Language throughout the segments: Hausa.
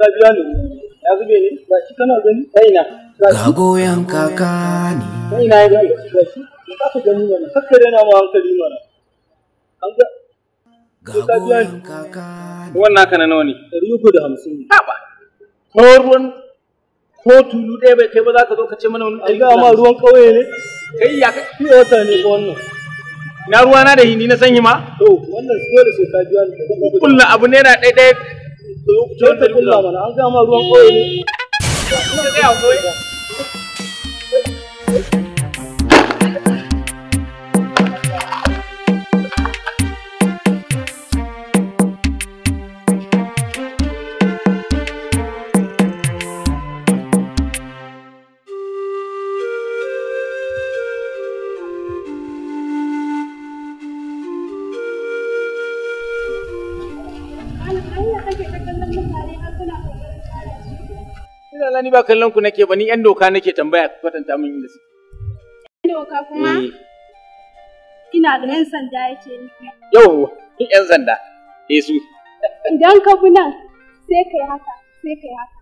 ka biya ba ga goyon kaka ne ga goyon kaka ne wannan nawa ne ko ruwan ko tulu ɗaya bai kai ba za ka zo ka ce mana wani ruwan ƙauye ne kai ya ka wata ne ko wannan na da na sanyi ma to wannan sai ka biya kullum abu ne na to yau ku ta kulla an ga ma ruwan koyo ne Ina la ni ba kallon ku nake ba ni yan doka nake tambaya ku kwatanta min inda suke. Yan doka kuma? Eh. Ina da yan sanda yake ni. Yau, ni yan sanda. Eh su. Idan ka bi nan sai kai haka, sai kai haka.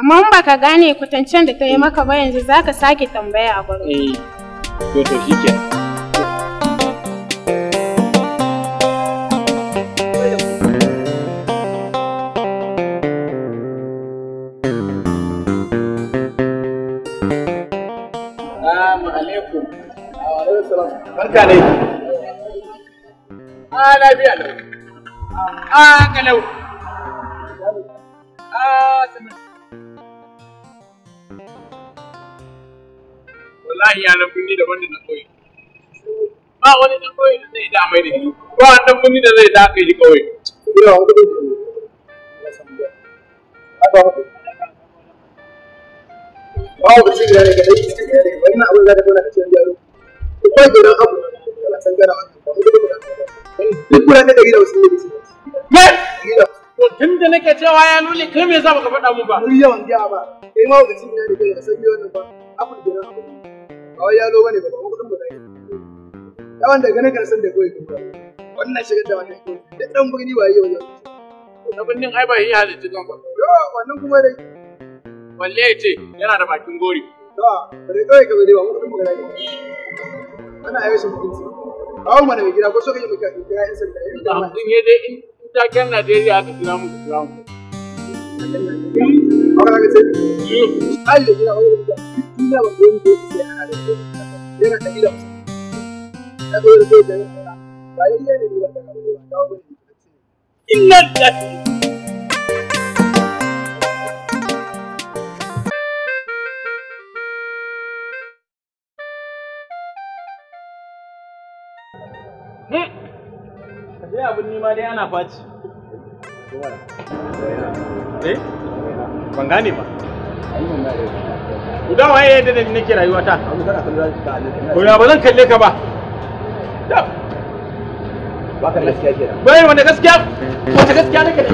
Amma in baka gane kwatancen da ta yi maka ba yanzu zaka sake tambaya a gurin. Eh. To to shikenan. Wa Barka ne A lafiya A kalau. A sanar. Wallahi ya nan kunni daban da na koyi. Ba wani na koyi da zai damai da Ba kunni da zai shi kawai. wani ne ga za ka zauna ka ce wani yaro ko kai gina abu da duk da wasu tun da nake cewa ya nuni kai me yasa baka faɗa mu ba mun yawan biya ba kai ma wakacin ne da kai san wannan ba abu gina abu ba wai yalo bane ba mu gudun mu da yawan daga na karsan da kawai kuma wannan shigar da wannan da dan birni waye wajen na birnin ai ba yi halittu kan ba yo wannan kuma dai walle ce yana da bakin gori bare kawai ka bare ba gida ko so kira yan sanda in da mutum ya da in taken a la gente. Mira, te da Ya ya Sai abin nima dai ana faci. Eh? Ban gane ba. Ku yadda nake rayuwa ta. Ko ya ba zan kalle ka ba. Ba ka gaskiya kenan. Bai wanda gaskiya? Wace gaskiya nake da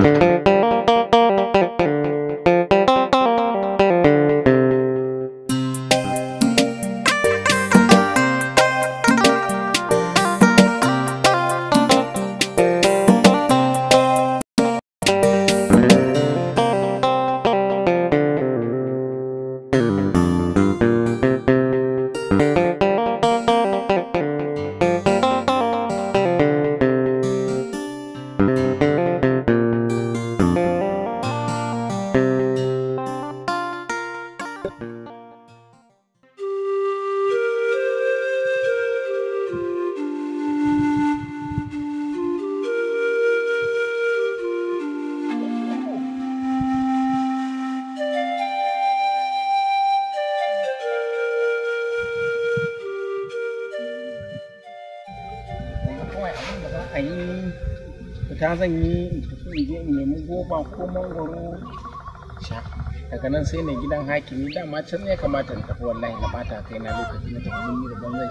ayi yi fita zan yi in tafi in je in nemi goba ko mangwaro sha daga nan sai na gidan hakimi dama can ya kamata in tafi wallahi na bata kai na lokaci na tafi mun da ban zan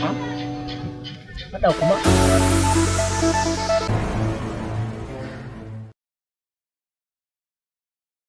sha fada kuma